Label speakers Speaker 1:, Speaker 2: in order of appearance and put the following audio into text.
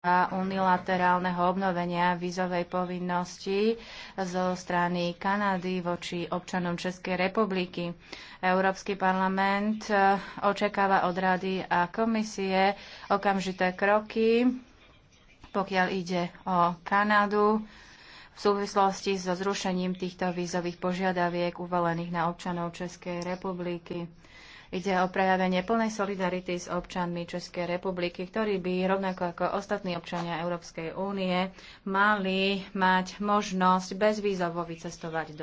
Speaker 1: a unilaterálneho obnovenia vízovej povinnosti zo strany Kanady voči občanom Českej republiky. Európsky parlament e, očakáva od rady a komisie okamžité kroky, pokiaľ ide o Kanadu v súvislosti so zrušením týchto vízových požiadaviek uvalených na občanov Českej republiky. Ide o prejavenie plnej solidarity s občanmi Českej republiky, ktorí by rovnako ako ostatní občania Európskej únie mali mať možnosť bezvýzovo vycestovať
Speaker 2: do